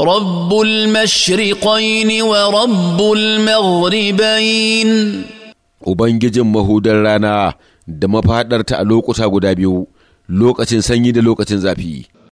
رب المشرقين ورب المغربين Ubangijin mahudar rana da mafaɗarta a lokuta guda biyu, lokacin sanyi da lokacin zafi.